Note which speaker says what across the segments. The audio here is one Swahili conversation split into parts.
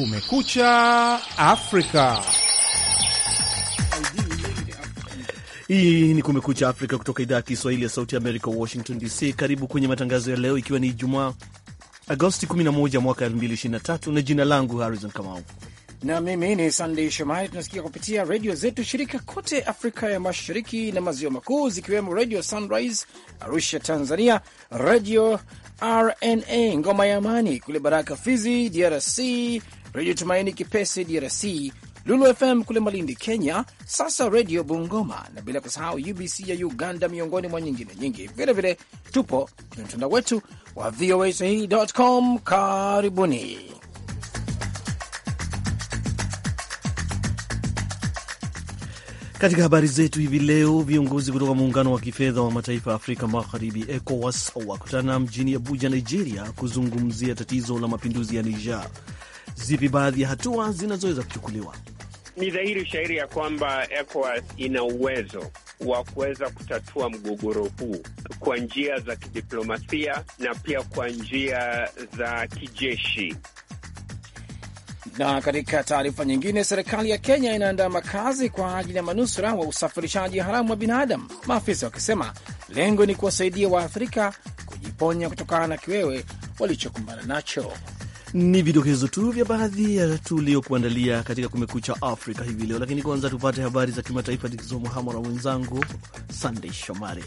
Speaker 1: Kumekucha Afrika.
Speaker 2: Hii ni Kumekucha Afrika kutoka idhaa ya Kiswahili ya Sauti ya Amerika, Washington DC. Karibu kwenye matangazo ya leo, ikiwa ni Ijumaa Agosti 11 mwaka 2023, na jina langu Harrison Kamau
Speaker 3: na mimi ni Sandey Shomari. Tunasikia kupitia redio zetu shirika kote Afrika ya Mashariki na Maziwa Makuu, zikiwemo Redio Sunrise Arusha Tanzania, Redio RNA Ngoma ya Amani kule Baraka Fizi DRC, Redio Tumaini Kipese DRC, Lulu FM kule Malindi Kenya, sasa Redio Bungoma na bila kusahau UBC ya Uganda, miongoni mwa nyingine nyingi. Vilevile tupo kwenye mtandao wetu wa VOA swahili.com. Karibuni.
Speaker 2: Katika habari zetu hivi leo, viongozi kutoka muungano wa kifedha wa mataifa ya Afrika Magharibi, ECOWAS, wakutana mjini Abuja, Nigeria, kuzungumzia tatizo la mapinduzi ya Niger zipi baadhi ya hatua zinazoweza kuchukuliwa?
Speaker 1: Ni dhahiri shahiri ya kwamba ECOWAS ina uwezo wa kuweza kutatua mgogoro huu kwa njia za kidiplomasia na pia kwa njia za kijeshi.
Speaker 3: Na katika taarifa nyingine, serikali ya Kenya inaandaa makazi kwa ajili ya manusura wa usafirishaji haramu wa binadamu, maafisa wakisema lengo ni kuwasaidia waathirika kujiponya kutokana na kiwewe walichokumbana nacho.
Speaker 2: Ni vidokezo tu vya baadhi ya tuliokuandalia katika Kumekucha Afrika hivi leo, lakini kwanza tupate habari za kimataifa zikisomwa hapa na mwenzangu Sandey Shomari.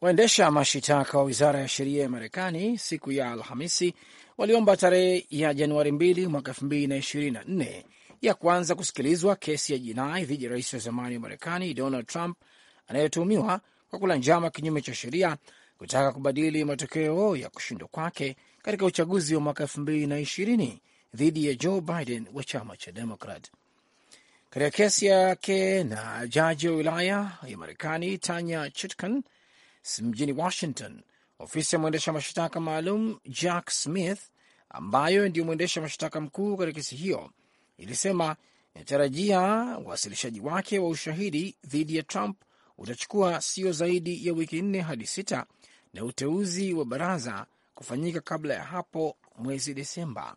Speaker 3: Waendesha mashitaka wa wizara ya sheria ya Marekani siku ya Alhamisi waliomba tarehe ya Januari 2 mwaka 2024 ya kuanza kusikilizwa kesi ya jinai dhidi ya rais wa zamani wa Marekani Donald Trump anayetuhumiwa kwa kula njama kinyume cha sheria kutaka kubadili matokeo ya kushindwa kwake katika uchaguzi wa mwaka elfu mbili na ishirini dhidi ya Joe Biden wa chama cha Demokrat. Katika kesi yake na jaji wa wilaya ya Marekani Tanya Chutkan mjini Washington, ofisi ya mwendesha mashtaka maalum Jack Smith ambayo ndiyo mwendesha mashtaka mkuu katika kesi hiyo ilisema inatarajia uwasilishaji wake wa ushahidi dhidi ya Trump utachukua sio zaidi ya wiki nne hadi sita na uteuzi wa baraza kufanyika kabla ya hapo mwezi Desemba.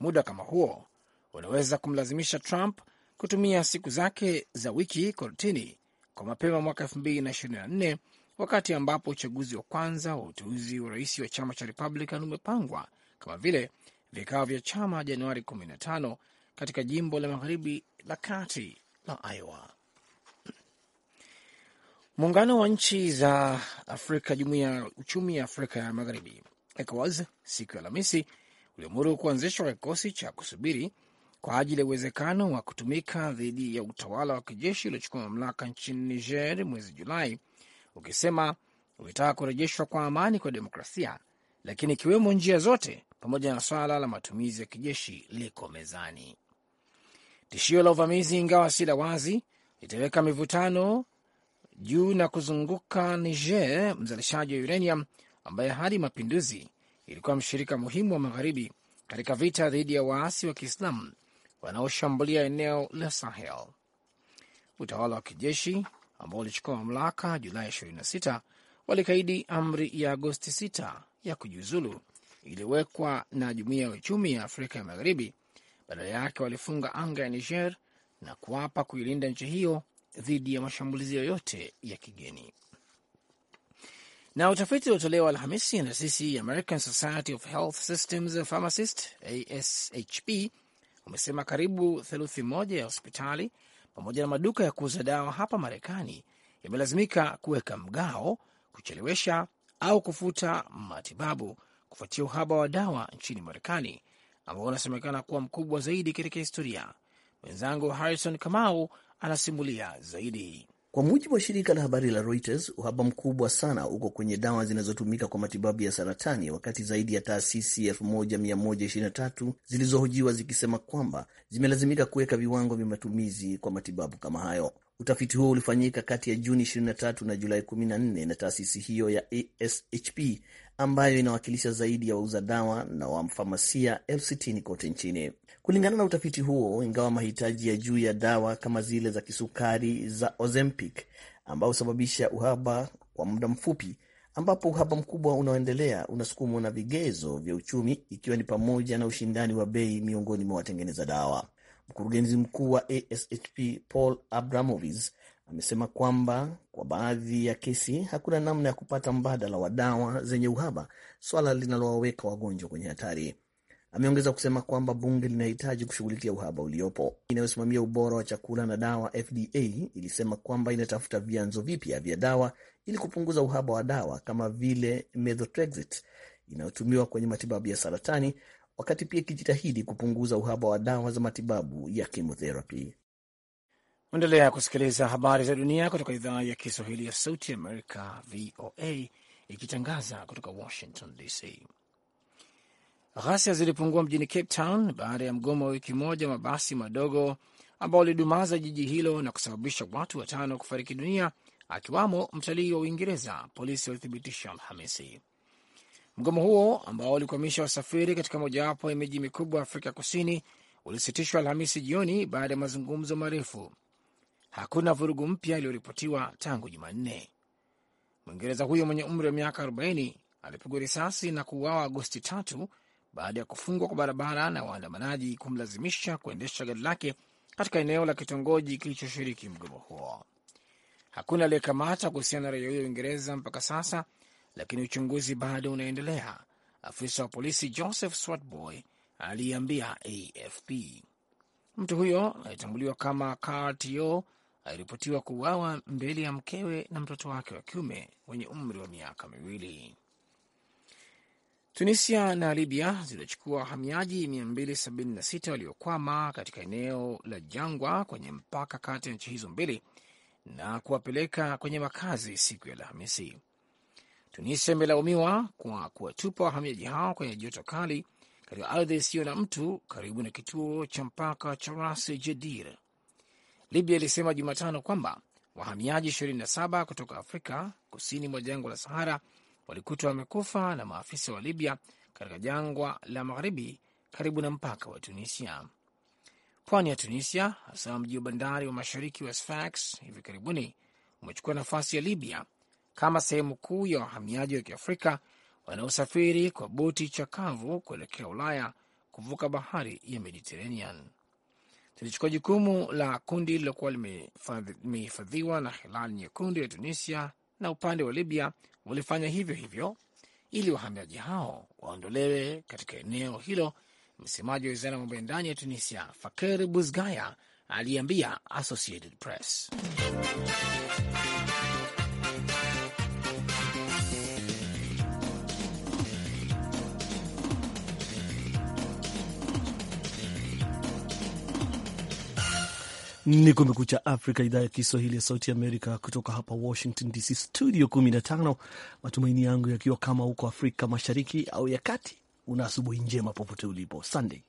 Speaker 3: Muda kama huo unaweza kumlazimisha Trump kutumia siku zake za wiki kortini kwa mapema mwaka 2024 wakati ambapo uchaguzi wa kwanza wa uteuzi wa rais wa chama cha Republican umepangwa kama vile vikao vya chama Januari 15 katika jimbo la magharibi la kati la Iowa. Muungano wa nchi za Afrika, jumuiya ya uchumi ya Afrika ya Magharibi, ECOWAS, siku ya Alhamisi uliamuru kuanzishwa kwa kikosi cha kusubiri kwa ajili ya uwezekano wa kutumika dhidi ya utawala wa kijeshi uliochukua mamlaka nchini Niger mwezi Julai, ukisema ulitaka kurejeshwa kwa amani kwa demokrasia, lakini ikiwemo njia zote pamoja na swala la matumizi ya kijeshi liko mezani. Tishio la uvamizi, ingawa si la wazi, litaweka mivutano juu na kuzunguka Niger, mzalishaji wa uranium ambaye hadi mapinduzi ilikuwa mshirika muhimu wa magharibi katika vita dhidi ya waasi wa Kiislamu wanaoshambulia eneo la Sahel. Utawala wa kijeshi ambao ulichukua mamlaka Julai 26 walikaidi amri ya Agosti 6 ya kujiuzulu iliwekwa na Jumuiya ya Uchumi ya Afrika ya Magharibi badala yake walifunga anga ya Niger na kuapa kuilinda nchi hiyo dhidi ya mashambulizi yoyote ya kigeni. Na utafiti uliotolewa Alhamisi na taasisi ya American Society of Health Systems Pharmacist ASHP umesema karibu theluthi moja ya hospitali pamoja na maduka ya kuuza dawa hapa Marekani yamelazimika kuweka mgao, kuchelewesha au kufuta matibabu kufuatia uhaba wa dawa nchini Marekani ambao unasemekana kuwa mkubwa zaidi katika historia. Mwenzangu Harrison Kamau anasimulia zaidi.
Speaker 2: Kwa mujibu wa shirika la habari la Reuters, uhaba mkubwa sana uko kwenye dawa zinazotumika kwa matibabu ya saratani, wakati zaidi ya taasisi 1123 zilizohojiwa zikisema kwamba zimelazimika kuweka viwango vya matumizi kwa matibabu kama hayo. Utafiti huo ulifanyika kati ya Juni 23 na Julai 14 na taasisi hiyo ya ASHP ambayo inawakilisha zaidi ya wauza dawa na wafamasia elfu sitini kote nchini. Kulingana na utafiti huo, ingawa mahitaji ya juu ya dawa kama zile za kisukari za Ozempic ambao husababisha uhaba kwa muda mfupi, ambapo uhaba mkubwa unaoendelea unasukumwa na vigezo vya uchumi, ikiwa ni pamoja na ushindani wa bei miongoni mwa watengeneza dawa. Mkurugenzi mkuu wa ASHP Paul Abramovis amesema kwamba kwa baadhi ya kesi hakuna namna ya kupata mbadala wa dawa zenye uhaba, swala linalowaweka wagonjwa kwenye hatari. Ameongeza kusema kwamba bunge linahitaji kushughulikia uhaba uliopo. Inayosimamia ubora wa chakula na dawa FDA ilisema kwamba inatafuta vyanzo vipya vya dawa ili kupunguza uhaba wa dawa kama vile methotrexate inayotumiwa kwenye matibabu ya saratani, wakati pia ikijitahidi kupunguza uhaba wa dawa za matibabu ya chemotherapy.
Speaker 3: Endelea kusikiliza habari za dunia kutoka idhaa ya Kiswahili ya Sauti Amerika, VOA, ikitangaza kutoka Washington DC. Ghasia zilipungua mjini Cape Town baada ya mgomo wa wiki moja mabasi madogo ambao ulidumaza jiji hilo na kusababisha watu watano kufariki dunia akiwamo mtalii wa Uingereza, polisi walithibitisha Alhamisi. Mgomo huo ambao ulikwamisha wasafiri katika mojawapo ya miji mikubwa ya Afrika Kusini ulisitishwa Alhamisi jioni baada ya mazungumzo marefu. Hakuna vurugu mpya iliyoripotiwa tangu Jumanne. Mwingereza huyo mwenye umri wa miaka 40 alipigwa risasi na kuuawa Agosti tatu baada ya kufungwa kwa barabara na waandamanaji kumlazimisha kuendesha gari lake katika eneo la kitongoji kilichoshiriki mgomo huo. Hakuna aliyekamata kuhusiana na raia huyo Uingereza mpaka sasa, lakini uchunguzi bado unaendelea. Afisa wa polisi Joseph Swatboy aliyeambia AFP mtu huyo alitambuliwa kama Carto aliripotiwa kuuawa mbele ya mkewe na mtoto wake wa kiume wenye umri wa miaka miwili. Tunisia na Libya zilichukua wahamiaji 276 waliokwama katika eneo la jangwa kwenye mpaka kati ya nchi hizo mbili na kuwapeleka kwenye makazi siku ya Alhamisi. Tunisia imelaumiwa kwa kuwatupa wahamiaji hao kwenye joto kali katika ardhi isiyo na mtu karibu na kituo cha mpaka cha Ras Jedir. Libya ilisema Jumatano kwamba wahamiaji 27 kutoka Afrika kusini mwa jangwa la Sahara walikutwa wamekufa na maafisa wa Libya katika jangwa la magharibi karibu na mpaka wa Tunisia. Pwani ya Tunisia, hasa mji wa bandari wa mashariki wa Sfax, hivi karibuni umechukua nafasi ya Libya kama sehemu kuu ya wahamiaji wa kiafrika wanaosafiri kwa boti chakavu kuelekea Ulaya kuvuka bahari ya Mediterranean. Tulichukua jukumu la kundi lililokuwa limehifadhiwa na Hilali Nyekundu ya Tunisia na upande wa Libya walifanya hivyo hivyo ili wahamiaji hao waondolewe katika eneo hilo. Msemaji wa wizara ya mambo ya ndani ya Tunisia, Faker Buzgaya, aliambia Associated Press.
Speaker 2: Ni Kumekucha Afrika, idhaa ya Kiswahili ya Sauti Amerika, kutoka hapa Washington DC, studio 15. Matumaini yangu yakiwa kama huko Afrika Mashariki au ya Kati, una asubuhi njema
Speaker 3: popote ulipo. Sunday,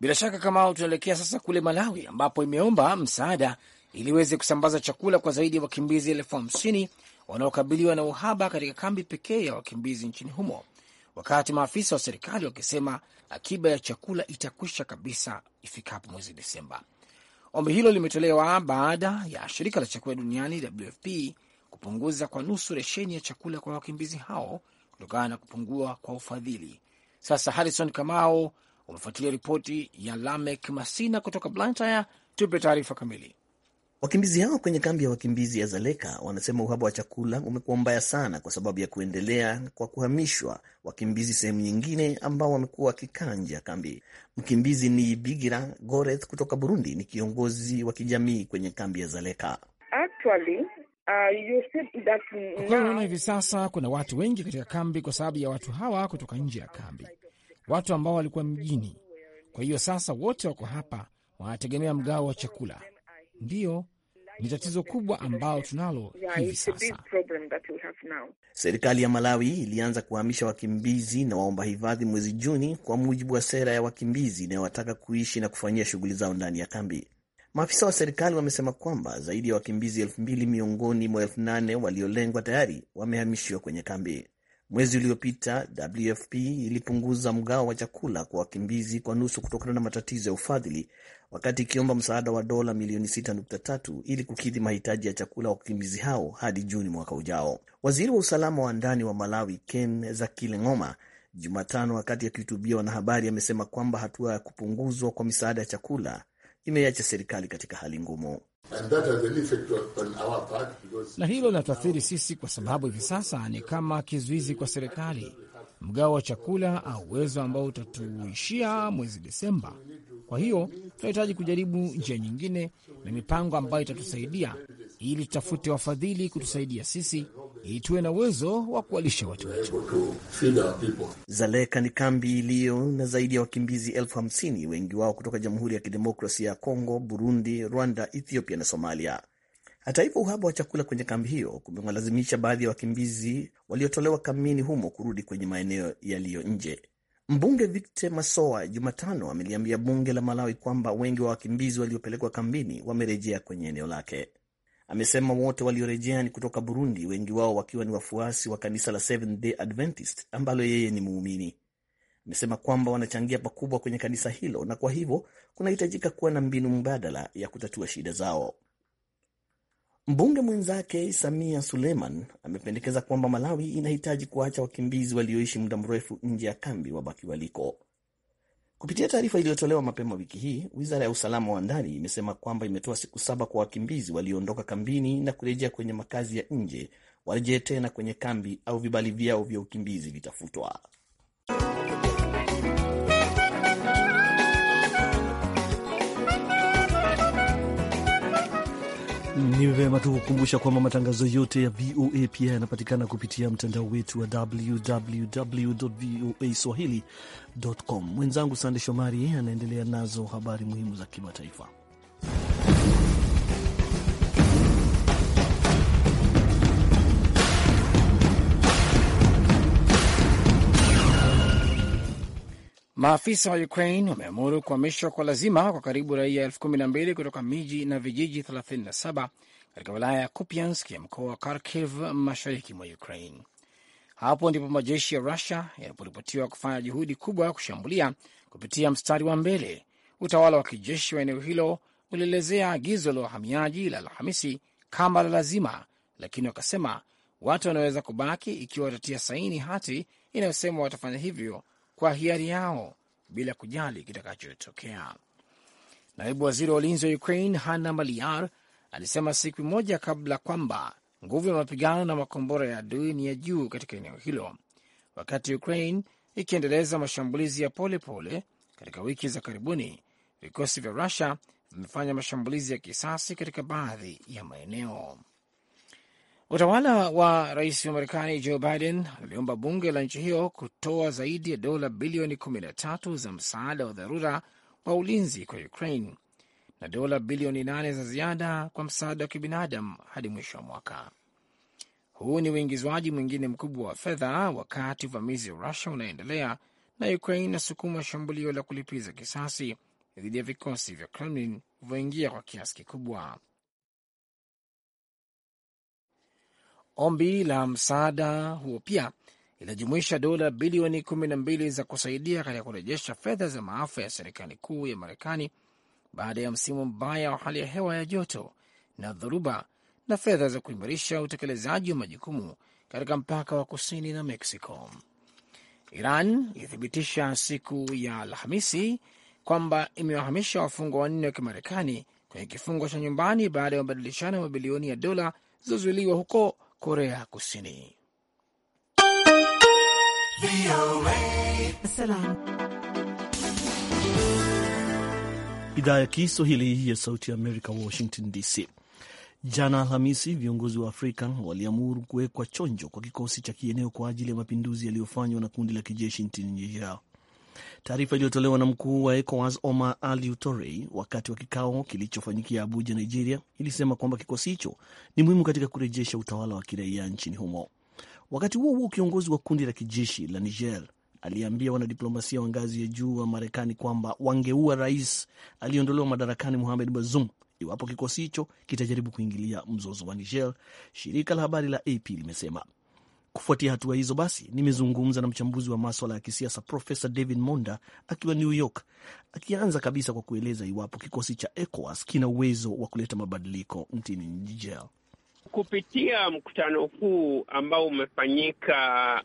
Speaker 3: bila shaka kama tunaelekea sasa kule Malawi, ambapo imeomba msaada ili iweze kusambaza chakula kwa zaidi ya wakimbizi elfu hamsini wanaokabiliwa na uhaba katika kambi pekee ya wakimbizi nchini humo, wakati maafisa wa serikali wakisema akiba ya chakula itakwisha kabisa ifikapo mwezi Desemba. Ombi hilo limetolewa baada ya shirika la chakula duniani WFP kupunguza kwa nusu resheni ya chakula kwa wakimbizi hao kutokana na kupungua kwa ufadhili. Sasa Harrison Kamao umefuatilia ripoti ya Lamek Masina kutoka Blantyre, tupe taarifa kamili.
Speaker 2: Wakimbizi hao kwenye kambi ya wakimbizi ya Zaleka wanasema uhaba wa chakula umekuwa mbaya sana kwa sababu ya kuendelea kwa kuhamishwa wakimbizi sehemu nyingine ambao wamekuwa wakikaa nje ya kambi. Mkimbizi ni Bigira Goreth kutoka Burundi, ni kiongozi wa
Speaker 3: kijamii kwenye kambi ya Zaleka.
Speaker 4: Actually, uh, that...
Speaker 3: hivi sasa kuna watu wengi katika kambi kwa sababu ya watu hawa kutoka nje ya kambi, watu ambao walikuwa mjini. Kwa hiyo sasa wote wako hapa, wanategemea mgao wa chakula. Ndiyo, ni tatizo kubwa ambao tunalo hivi sasa.
Speaker 2: Serikali ya Malawi ilianza kuhamisha wakimbizi na waomba hifadhi mwezi Juni kwa mujibu wa sera ya wakimbizi inayowataka kuishi na kufanyia shughuli zao ndani ya kambi. Maafisa wa serikali wamesema kwamba zaidi ya wakimbizi elfu mbili miongoni mwa elfu nane waliolengwa tayari wamehamishiwa kwenye kambi. Mwezi uliopita WFP ilipunguza mgao wa chakula kwa wakimbizi kwa nusu kutokana na matatizo ya ufadhili, wakati ikiomba msaada wa dola milioni 6.3 ili kukidhi mahitaji ya chakula wa wakimbizi hao hadi Juni mwaka ujao. Waziri wa usalama wa ndani wa Malawi Ken Zakilengoma Jumatano, wakati akihutubia wanahabari, amesema kwamba hatua ya kupunguzwa kwa misaada ya chakula imeacha serikali katika hali ngumu
Speaker 4: na
Speaker 3: hilo linatuathiri sisi kwa sababu hivi sasa ni kama kizuizi kwa serikali, mgao wa chakula au uwezo ambao utatuishia mwezi Desemba. Kwa hiyo tunahitaji kujaribu njia nyingine na mipango ambayo itatusaidia, ili tutafute wafadhili kutusaidia sisi ili tuwe na uwezo wa kuwalisha watu wetu.
Speaker 2: Zaleka ni kambi iliyo na zaidi ya wakimbizi elfu hamsini, wengi wao kutoka Jamhuri ya Kidemokrasia ya Kongo, Burundi, Rwanda, Ethiopia na Somalia. Hata hivyo, uhaba wa chakula kwenye kambi hiyo kumewalazimisha baadhi ya wakimbizi waliotolewa kambini humo kurudi kwenye maeneo yaliyo nje. Mbunge Victor Masoa Jumatano ameliambia bunge la Malawi kwamba wengi wa wakimbizi waliopelekwa kambini wamerejea kwenye eneo lake. Amesema wote waliorejea ni kutoka Burundi, wengi wao wakiwa ni wafuasi wa kanisa la Seventh Day Adventist ambalo yeye ni muumini. Amesema kwamba wanachangia pakubwa kwenye kanisa hilo na kwa hivyo kunahitajika kuwa na mbinu mbadala ya kutatua shida zao. Mbunge mwenzake Samia Suleiman amependekeza kwamba Malawi inahitaji kuacha wakimbizi walioishi muda mrefu nje ya kambi wabaki waliko. Kupitia taarifa iliyotolewa mapema wiki hii, wizara ya usalama wa ndani imesema kwamba imetoa siku saba kwa wakimbizi walioondoka kambini na kurejea kwenye makazi ya nje warejee tena kwenye kambi au vibali vyao vya ukimbizi vitafutwa. Ni vema tu kukumbusha kwamba matangazo yote ya VOA pia yanapatikana kupitia mtandao wetu wa www voa swahili.com. Mwenzangu Sande Shomari anaendelea nazo habari muhimu za kimataifa.
Speaker 3: Maafisa wa Ukraine wameamuru kuhamishwa kwa lazima kwa karibu raia elfu kumi na mbili kutoka miji na vijiji 37 katika wilaya ya Kupiansk ya mkoa wa Kharkiv mashariki mwa Ukraine. Hapo ndipo majeshi ya Rusia yanaporipotiwa kufanya juhudi kubwa ya kushambulia kupitia mstari wa mbele. Utawala wa kijeshi wa eneo hilo ulielezea agizo la wahamiaji la Alhamisi kama la lazima, lakini wakasema watu wanaweza kubaki ikiwa watatia saini hati inayosema watafanya hivyo kwa hiari yao bila kujali kitakachotokea. Naibu waziri wa ulinzi wa Ukraine Hanna Maliar alisema siku moja kabla kwamba nguvu ya mapigano na makombora ya adui ni ya juu katika eneo hilo, wakati Ukraine ikiendeleza mashambulizi ya polepole pole. Katika wiki za karibuni vikosi vya Rusia vimefanya mashambulizi ya kisasi katika baadhi ya maeneo. Utawala wa rais wa Marekani Joe Biden aliomba bunge la nchi hiyo kutoa zaidi ya dola bilioni 13 za msaada wa dharura wa ulinzi kwa Ukraine na dola bilioni 8 za ziada kwa msaada wa kibinadamu hadi mwisho wa mwaka. Huu ni uingizwaji mwingine mkubwa wa fedha wakati uvamizi wa Rusia unaendelea na Ukraine inasukuma shambulio la kulipiza kisasi dhidi ya vikosi vya Kremlin vilivyoingia kwa kiasi kikubwa. Ombi la msaada huo pia linajumuisha dola bilioni kumi na mbili za kusaidia katika kurejesha fedha za maafa ya serikali kuu ya Marekani baada ya msimu mbaya wa hali ya hewa ya joto na dhoruba na fedha za kuimarisha utekelezaji wa majukumu katika mpaka wa kusini na Mexico. Iran ilithibitisha siku ya Alhamisi kwamba imewahamisha wafungwa wanne wa Kimarekani kwenye kifungo cha nyumbani baada ya mabadilishano ya mabilioni ya dola zilizozuiliwa huko Korea Kusini.
Speaker 2: Idhaa ya Kiswahili ya Sauti ya Amerika, Washington DC. Jana Alhamisi, viongozi wa Afrika waliamuru kuwekwa chonjo kwa kikosi cha kieneo kwa ajili ya mapinduzi yaliyofanywa na kundi la kijeshi nchini Nigeria Taarifa iliyotolewa na mkuu wa ECOWAS Omar Aliu Torey wakati wa kikao kilichofanyikia Abuja, Nigeria, ilisema kwamba kikosi hicho ni muhimu katika kurejesha utawala wa kiraia nchini humo. Wakati huo huo, kiongozi wa kundi la kijeshi la Niger aliambia wanadiplomasia wa ngazi ya juu wa Marekani kwamba wangeua rais aliyeondolewa madarakani Mohamed Bazoum iwapo kikosi hicho kitajaribu kuingilia mzozo wa Niger, shirika la habari la AP limesema. Kufuatia hatua hizo basi, nimezungumza na mchambuzi wa maswala ya kisiasa Profesa David Monda akiwa New York, akianza kabisa kwa kueleza iwapo kikosi cha ECOWAS kina uwezo wa kuleta mabadiliko nchini Niger
Speaker 1: kupitia mkutano huu ambao umefanyika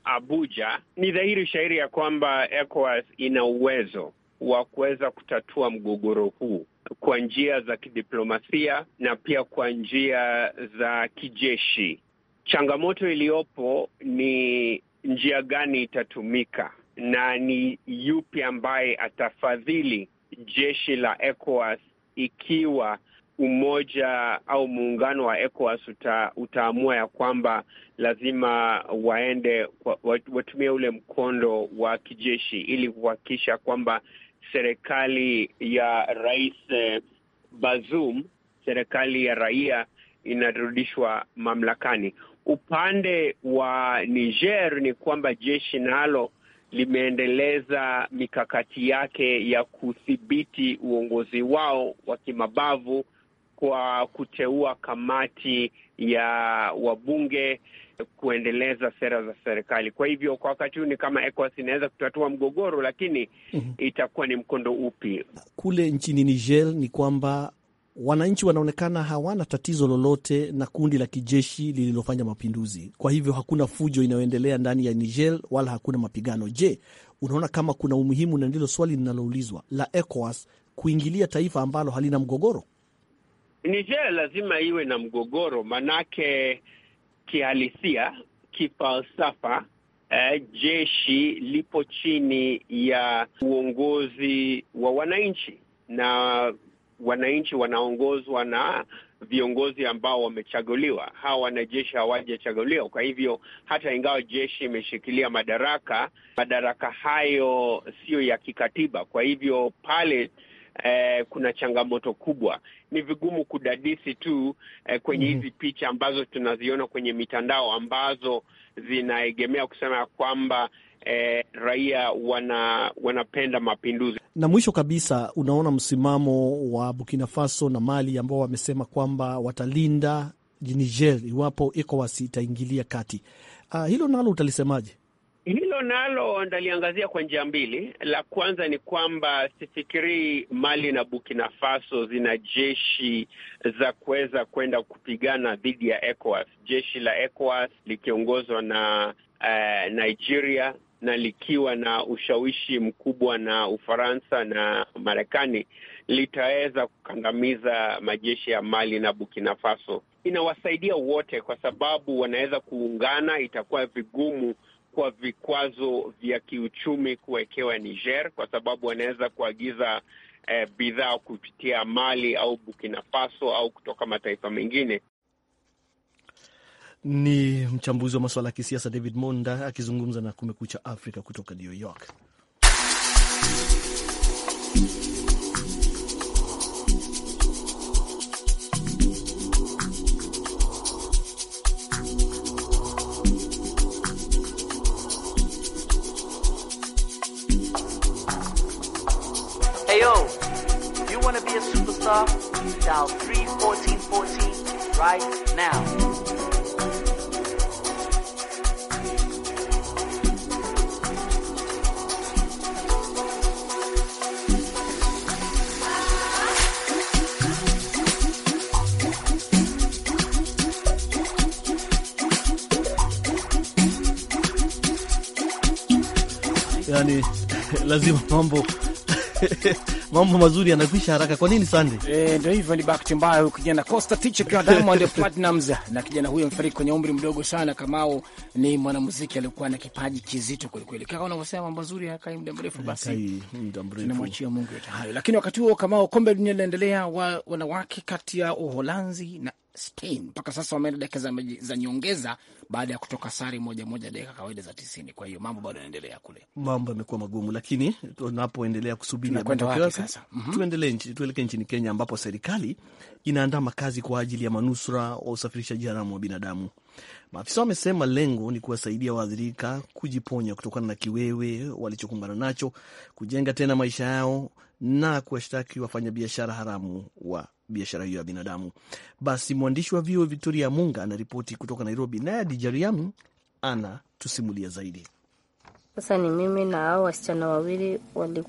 Speaker 1: Abuja. Ni dhahiri shahiri ya kwamba ECOWAS ina uwezo wa kuweza kutatua mgogoro huu kwa njia za kidiplomasia na pia kwa njia za kijeshi Changamoto iliyopo ni njia gani itatumika na ni yupi ambaye atafadhili jeshi la ECOWAS ikiwa umoja au muungano wa ECOWAS uta, utaamua ya kwamba lazima waende watumie ule mkondo wa kijeshi ili kuhakikisha kwamba serikali ya Rais eh, Bazoum, serikali ya raia inarudishwa mamlakani upande wa Niger ni kwamba jeshi nalo limeendeleza mikakati yake ya kudhibiti uongozi wao wa kimabavu kwa kuteua kamati ya wabunge kuendeleza sera za serikali. Kwa hivyo kwa wakati huu ni kama ECOWAS inaweza kutatua mgogoro, lakini mm -hmm. itakuwa ni mkondo upi?
Speaker 2: Kule nchini Niger ni kwamba wananchi wanaonekana hawana tatizo lolote na kundi la kijeshi lililofanya mapinduzi. Kwa hivyo hakuna fujo inayoendelea ndani ya Niger wala hakuna mapigano. Je, unaona kama kuna umuhimu, na ndilo swali linaloulizwa, la ECOWAS kuingilia taifa ambalo halina mgogoro?
Speaker 1: Niger lazima iwe na mgogoro, manake kihalisia, kifalsafa Uh, jeshi lipo chini ya uongozi wa wananchi na wananchi wanaongozwa na viongozi ambao wamechaguliwa. Hawa wanajeshi hawajachaguliwa. Kwa hivyo hata ingawa jeshi imeshikilia madaraka, madaraka hayo siyo ya kikatiba. Kwa hivyo pale Eh, kuna changamoto kubwa, ni vigumu kudadisi tu eh, kwenye mm-hmm. hizi mm, picha ambazo tunaziona kwenye mitandao ambazo zinaegemea kusema ya kwamba eh, raia wana, wanapenda mapinduzi.
Speaker 2: Na mwisho kabisa, unaona msimamo wa Burkina Faso na Mali ambao wamesema kwamba watalinda Niger iwapo ECOWAS itaingilia kati. Uh, hilo nalo utalisemaje?
Speaker 1: Hilo nalo ndaliangazia kwa njia mbili. La kwanza ni kwamba sifikirii Mali na Burkina Faso zina jeshi za kuweza kwenda kupigana dhidi ya ECOWAS. Jeshi la ECOWAS likiongozwa na uh, Nigeria na likiwa na ushawishi mkubwa na Ufaransa na Marekani litaweza kukandamiza majeshi ya Mali na Burkina Faso. Inawasaidia wote kwa sababu wanaweza kuungana. Itakuwa vigumu kwa vikwazo vya kiuchumi kuwekewa Niger kwa sababu wanaweza kuagiza eh, bidhaa kupitia Mali au Burkina Faso au kutoka mataifa mengine.
Speaker 2: Ni mchambuzi wa masuala ya kisiasa David Monda akizungumza na Kumekucha Afrika kutoka New York.
Speaker 4: right now.
Speaker 2: yani lazima mambo mambo mazuri yanakwisha haraka. Kwa nini Sande?
Speaker 3: Eh, ndio hivyo, ni bahati mbaya. Kijana Costa Tiche kwa Diamond Platnumz, na kijana huyo mfariki kwenye umri mdogo sana. Kamao ni mwanamuziki alikuwa na kipaji kizito kweli kweli, kama unavyosema, mambo mazuri hakai muda mrefu, basi
Speaker 2: tunamwachia Mungu yote
Speaker 3: hayo. Lakini wakati huo, Kamao, kombe la dunia linaendelea wanawake kati ya Uholanzi na Spain. Mpaka sasa wameenda dakika za, za nyongeza baada ya kutoka sare moja moja dakika kawaida za tisini. Kwa hiyo mambo bado yanaendelea kule,
Speaker 2: mambo yamekuwa magumu, lakini tunapoendelea kusubiri mm -hmm. tuendelee nchi, tuelekee nchini Kenya ambapo serikali inaandaa makazi kwa ajili ya manusura wa usafirishaji haramu wa binadamu. Maafisa wamesema lengo ni kuwasaidia waathirika kujiponya kutokana na kiwewe walichokumbana nacho, kujenga tena maisha yao na kuwashtaki wafanyabiashara haramu wa biashara hiyo ya binadamu. Basi mwandishi wa VOA Victoria Munga anaripoti kutoka Nairobi, naye Adija ana tusimulia
Speaker 4: zaidi.
Speaker 5: Sasa ni mimi na hao wasichana wawili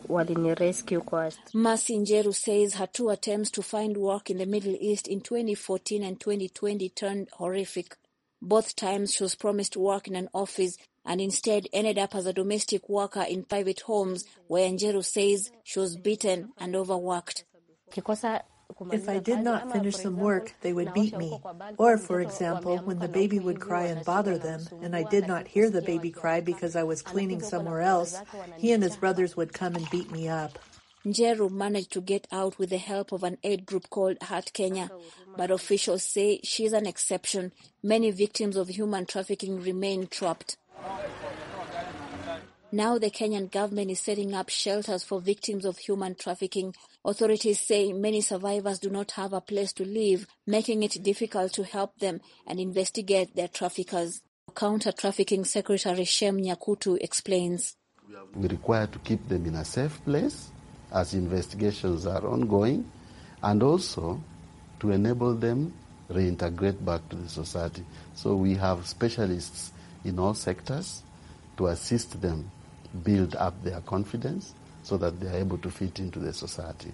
Speaker 4: walinirescue wali kwa Masinjeru says her attempts to find work in the Middle East in 2014 and 2020 turned horrific Both times she was promised work in an office and instead ended up as a domestic worker in private homes where Njeru says she was beaten and overworked.
Speaker 5: If I did not finish some
Speaker 4: work, they would beat me. Or, for example, when the baby would cry and bother them, and I did not hear the baby cry because I was cleaning somewhere else, he and his brothers would come and beat me up. Njeru managed to get out with the help of an aid group called Heart Kenya but officials say she is an exception. Many victims of human trafficking remain trapped. Now the Kenyan government is setting up shelters for victims of human trafficking. Authorities say many survivors do not have a place to live, making it difficult to help them and investigate their traffickers. Counter Trafficking Secretary Shem Nyakutu explains.
Speaker 2: We require to keep them in a safe place as investigations are ongoing and also to enable them reintegrate back to the society. So we have specialists in all sectors to assist them build up their confidence so that they are able to fit into the society.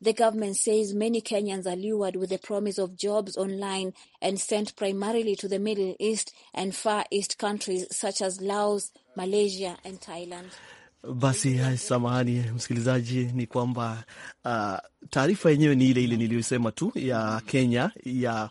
Speaker 4: The government says many Kenyans are lured with the promise of jobs online and sent primarily to the Middle East and Far East countries such as Laos, Malaysia, and Thailand.
Speaker 2: Basi samahani msikilizaji, ni kwamba uh, taarifa yenyewe ni ile ile niliyosema tu ya Kenya ya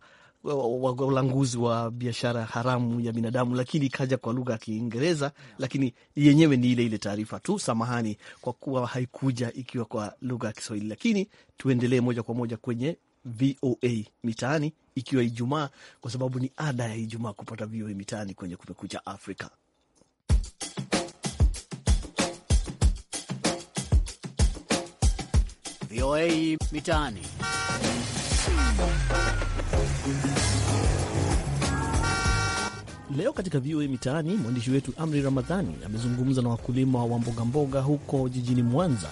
Speaker 2: walanguzi wa biashara haramu ya binadamu, lakini ikaja kwa lugha ya Kiingereza, lakini yenyewe ni ile ile taarifa tu. Samahani kwa kuwa haikuja ikiwa kwa lugha ya Kiswahili, lakini tuendelee moja kwa moja kwenye VOA Mitaani ikiwa Ijumaa, kwa sababu ni ada ya Ijumaa kupata VOA Mitaani kwenye Kumekucha
Speaker 4: Afrika. VOA Mitaani.
Speaker 2: Leo katika VOA Mitaani, mwandishi wetu Amri Ramadhani amezungumza na wakulima wa mbogamboga huko jijini Mwanza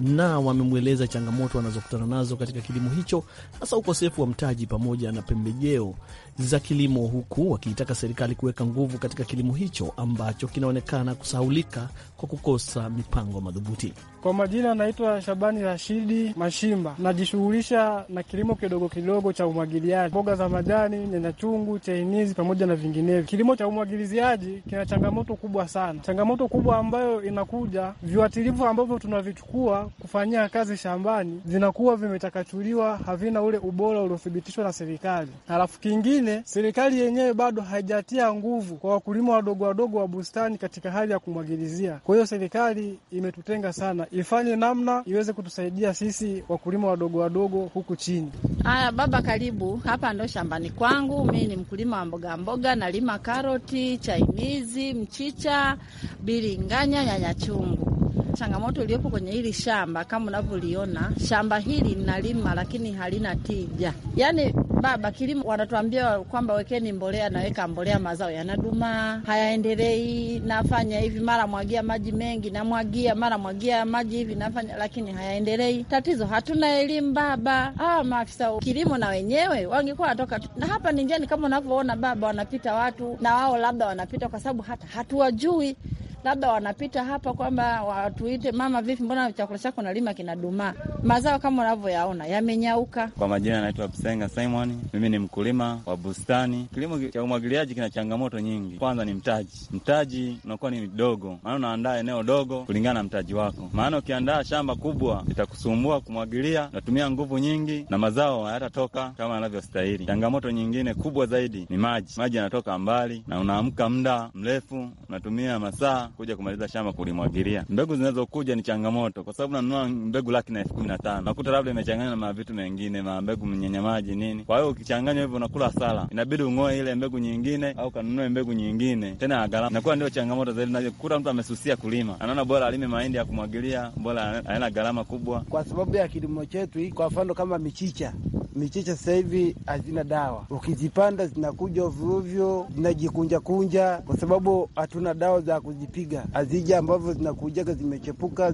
Speaker 2: na wamemweleza changamoto wanazokutana nazo katika kilimo hicho, hasa ukosefu wa mtaji pamoja na pembejeo za kilimo, huku wakiitaka serikali kuweka nguvu katika kilimo hicho ambacho kinaonekana kusahulika kwa kukosa mipango madhubuti.
Speaker 3: Kwa majina anaitwa Shabani Rashidi Mashimba, najishughulisha na kilimo kidogo kidogo cha umwagiliaji mboga za majani, nyanyachungu, chainizi pamoja na vinginevyo. Kilimo cha umwagiliziaji kina changamoto kubwa sana, changamoto kubwa ambayo inakuja viuatilifu ambavyo tunavichukua kufanyia kazi shambani vinakuwa vimechakachuliwa, havina ule ubora uliothibitishwa na serikali. Halafu kingine, serikali yenyewe bado haijatia nguvu kwa wakulima wadogo wadogo wa bustani katika hali ya kumwagilizia. Kwa hiyo serikali imetutenga sana, ifanye namna iweze kutusaidia sisi wakulima wadogo wadogo huku chini.
Speaker 5: Haya baba, karibu hapa, ndo shambani kwangu. Mi ni mkulima wa mboga mboga, nalima karoti, chainizi, mchicha, biringanya, nyanya chungu changamoto iliyopo kwenye hili shamba, kama unavyoliona shamba hili linalima, lakini halina tija. Yani baba kilimo wanatuambia kwamba wekeni mbolea, naweka mbolea, mazao yanadumaa, hayaendelei, nafanya hivi, mara mwagia maji mengi, namwagia mara mwagia maji hivi, nafanya lakini hayaendelei. Tatizo hatuna elimu baba. Ah, maafisa kilimo na wenyewe wangekuwa wanatoka tu, na hapa ni njiani, kama unavyoona baba, wanapita watu na wao labda wanapita, kwa sababu hata hatuwajui labda wanapita hapa kwamba watuite, mama, vipi, mbona chakula chako nalima kinadumaa? Mazao kama unavyoyaona yamenyauka. Kwa majina anaitwa psenga
Speaker 1: Simon, mimi ni mkulima wa bustani. Kilimo cha umwagiliaji kina changamoto nyingi. Kwanza ni mtaji, mtaji unakuwa ni mdogo, maana unaandaa eneo dogo kulingana na mtaji wako, maana ukiandaa shamba kubwa itakusumbua kumwagilia, unatumia nguvu nyingi na mazao hayatatoka kama yanavyostahili. Changamoto nyingine kubwa zaidi ni maji, maji yanatoka mbali na unaamka muda mrefu, unatumia masaa kuja kumaliza shamba kulimwagilia. Mbegu zinazokuja ni changamoto, kwa sababu nanunua mbegu laki na elfu kumi na tano nakuta labda imechanganywa na mavitu mengine, ma mbegu mnyenyamaji nini. Kwa hiyo ukichanganywa hivyo unakula sala, inabidi ung'oe ile mbegu nyingine au kanunue mbegu nyingine tena gharama. Inakuwa ndio changamoto zaidi, nakuta mtu amesusia kulima, anaona bora alime mahindi ya kumwagilia, bora haina gharama kubwa,
Speaker 3: kwa sababu ya kilimo chetu. Kwa mfano kama michicha Michicha sasa hivi hazina dawa, ukizipanda zinakuja ovyoovyo, zinajikunjakunja kwa sababu hatuna dawa za kuzipiga, hazija ambavyo zinakujaga zimechepuka,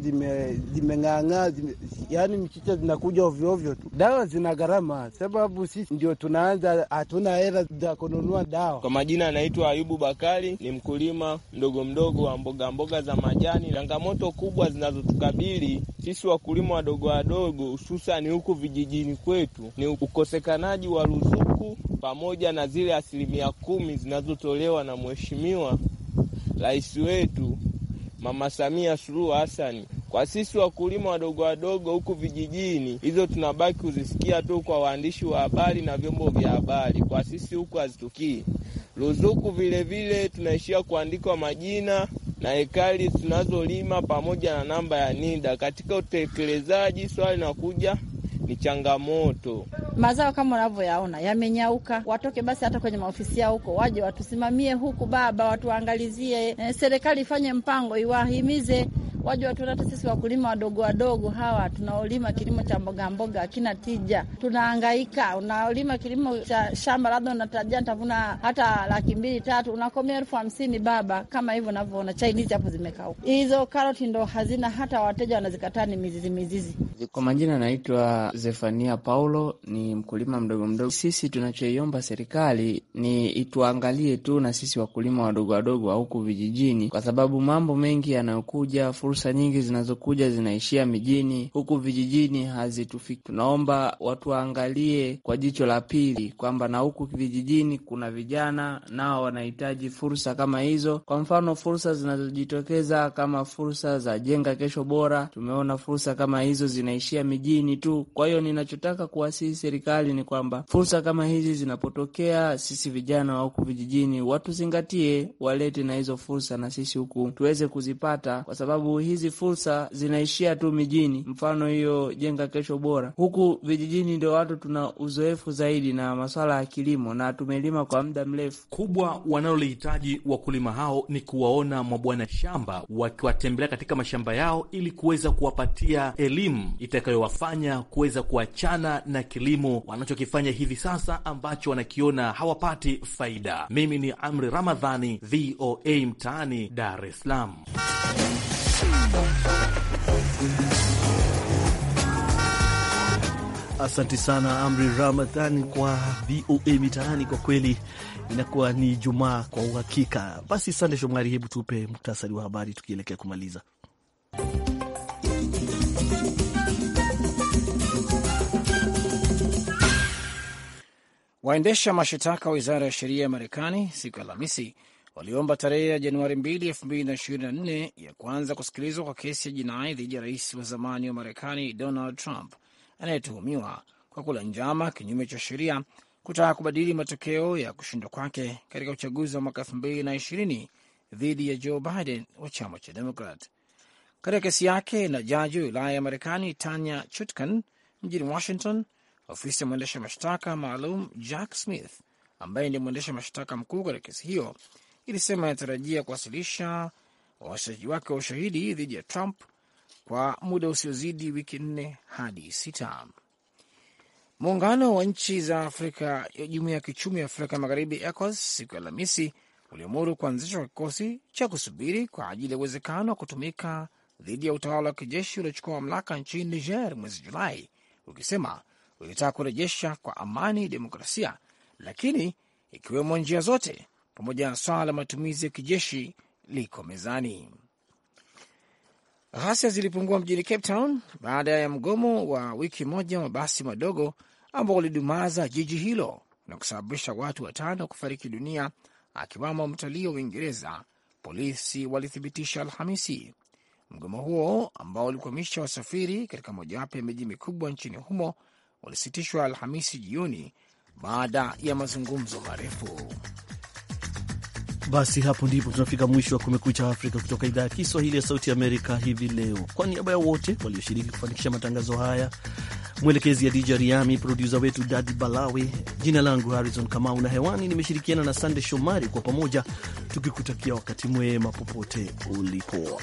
Speaker 3: zimeng'aang'aa, zime zime, yaani mchicha zinakuja ovyoovyo tu. Dawa zina gharama, sababu sisi ndio tunaanza, hatuna hela za kununua dawa.
Speaker 1: Kwa majina anaitwa Ayubu Bakari, ni mkulima mdogo mdogo wa mboga mboga za majani. Changamoto kubwa zinazotukabili sisi wakulima wadogo wadogo, hususani huku vijijini kwetu ni ukosekanaji wa ruzuku pamoja na zile asilimia kumi zinazotolewa na mheshimiwa rais wetu Mama Samia Suluhu hasani Kwa sisi wakulima wadogo wadogo huku vijijini, hizo tunabaki kuzisikia tu kwa waandishi wa habari na vyombo vya habari. Kwa sisi huku hazitukii ruzuku, vilevile tunaishia kuandikwa majina na hekari tunazolima pamoja na namba ya NIDA. Katika utekelezaji, swali linakuja ni changamoto.
Speaker 5: Mazao kama unavyoyaona yamenyauka, watoke basi hata kwenye maofisi yao huko, waje watusimamie huku baba, watuangalizie. Eh, serikali ifanye mpango, iwahimize waje watuona hata sisi wakulima wadogo wadogo hawa tunaolima kilimo cha mbogamboga akina tija, tunaangaika. Unaolima kilimo cha shamba labda unatarajia ntavuna hata laki mbili tatu, unakomea elfu hamsini baba, kama hivyo unavyoona chainizi hapo zimekauka hizo karoti, ndo hazina hata wateja wanazikataa, ni mizizi mizizi.
Speaker 3: Kwa majina anaitwa Zefania Paulo, ni mkulima mdogo mdogo. Sisi tunachoiomba serikali ni ituangalie tu na sisi wakulima wadogo wadogo wa huku vijijini, kwa sababu mambo mengi yanayokuja fursa nyingi zinazokuja zinaishia mijini, huku vijijini hazitufiki. Tunaomba watu waangalie kwa jicho la pili kwamba na huku vijijini kuna vijana nao wanahitaji fursa kama hizo. Kwa mfano, fursa zinazojitokeza kama fursa za jenga kesho bora, tumeona fursa kama hizo zinaishia mijini tu. Kwa hiyo ninachotaka kuwasihi serikali ni kwamba fursa kama hizi zinapotokea, sisi vijana wa huku vijijini watuzingatie, walete na hizo fursa na sisi huku tuweze kuzipata, kwa sababu hizi fursa zinaishia tu mijini, mfano hiyo jenga kesho bora. Huku vijijini ndio watu tuna uzoefu zaidi na maswala ya kilimo na tumelima kwa muda mrefu. Kubwa wanalolihitaji wakulima hao
Speaker 2: ni kuwaona mabwana shamba wakiwatembelea katika mashamba yao ili kuweza kuwapatia elimu itakayowafanya kuweza kuachana na kilimo wanachokifanya hivi sasa ambacho wanakiona hawapati faida. Mimi ni Amri Ramadhani, VOA Mtaani, Dar es Salaam asanti sana Amri Ramadhani kwa VOA Mitaani. Kwa kweli inakuwa ni Jumaa kwa uhakika. Basi Sande Shomari, hebu tupe muktasari wa habari tukielekea kumaliza.
Speaker 3: Waendesha mashitaka wa wizara ya sheria ya Marekani siku ya Alhamisi waliomba tarehe ya Januari 2, 2024 ya kuanza kusikilizwa kwa kesi ya jinai dhidi ya rais wa zamani wa Marekani Donald Trump anayetuhumiwa kwa kula njama kinyume cha sheria kutaka kubadili matokeo ya kushindwa kwake katika uchaguzi wa mwaka 2020 dhidi ya Joe Biden wa chama cha Demokrat. Katika kesi yake na jaji wa wilaya ya Marekani Tanya Chutkan mjini Washington, ofisi ya mwendesha mashtaka maalum Jack Smith ambaye ndiye mwendesha mashtaka mkuu katika kesi hiyo ilisema inatarajia kuwasilisha washaji wake wa ushahidi dhidi ya Trump kwa muda usiozidi wiki nne hadi sita. Muungano wa nchi za Afrika, jumuiya ya kiuchumi ya Afrika Magharibi, ECOWAS, siku ya Alhamisi uliamuru kuanzishwa kwa kikosi cha kusubiri kwa ajili ya uwezekano wa kutumika dhidi ya utawala wa kijeshi uliochukua mamlaka nchini Niger mwezi Julai, ukisema ulitaka kurejesha kwa amani demokrasia, lakini ikiwemo njia zote pamoja na swala la matumizi ya kijeshi liko mezani. Ghasia zilipungua mjini Cape Town baada ya mgomo wa wiki moja wa mabasi madogo ambao walidumaza jiji hilo na kusababisha watu watano kufariki dunia akiwamo mtalii wa Uingereza, polisi walithibitisha Alhamisi. Mgomo huo ambao ulikwamisha wasafiri katika mojawapo ya miji mikubwa nchini humo ulisitishwa Alhamisi jioni baada ya mazungumzo marefu.
Speaker 2: Basi hapo ndipo tunafika mwisho wa Kumekucha Afrika kutoka idhaa ya Kiswahili ya Sauti Amerika hivi leo. Kwa niaba ya wote walioshiriki kufanikisha matangazo haya, mwelekezi ya DJ Riami, produsa wetu Dadi balawi jina langu Harrison Kamau na hewani nimeshirikiana na Sande Shomari, kwa pamoja tukikutakia wakati mwema popote ulipo.